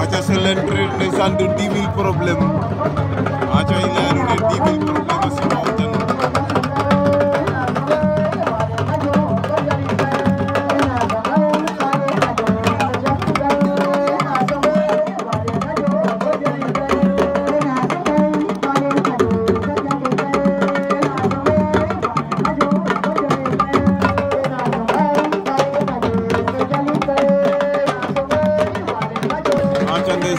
aca c'est l'entrée ndeysaan de dix aca i leya nuun ne dix mille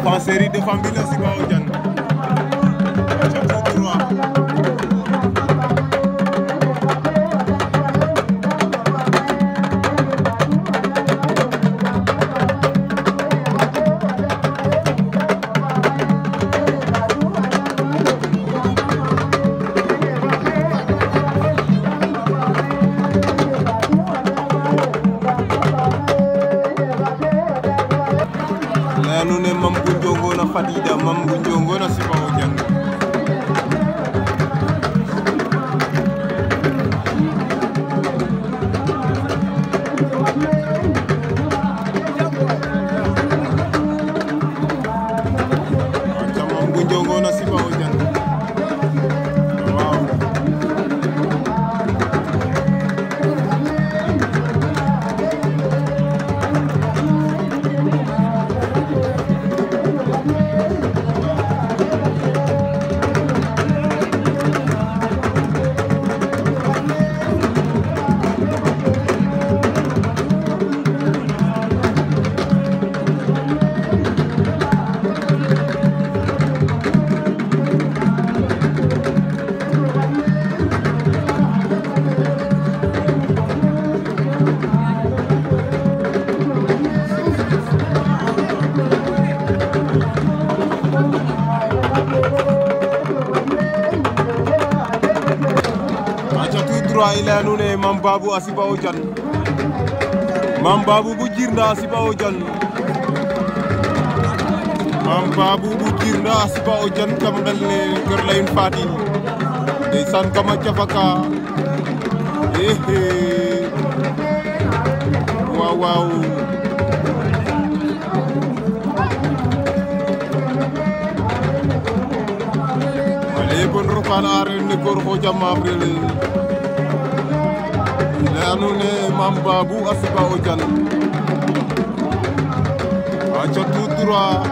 La série de famille, c'est quoi, Mali da Mambudu. aca tout droit i leya nuun ne Mame Babou a siba o jan bu jirnda a siba o jan Mame Babou bu jirnda a kam ngel ne ka ehe yegonrokano areer ne goor fo jam avril leyanone Mame Babou a siɓa o dial a cot tout droit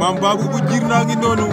waaw maam jiir naa ngi noonu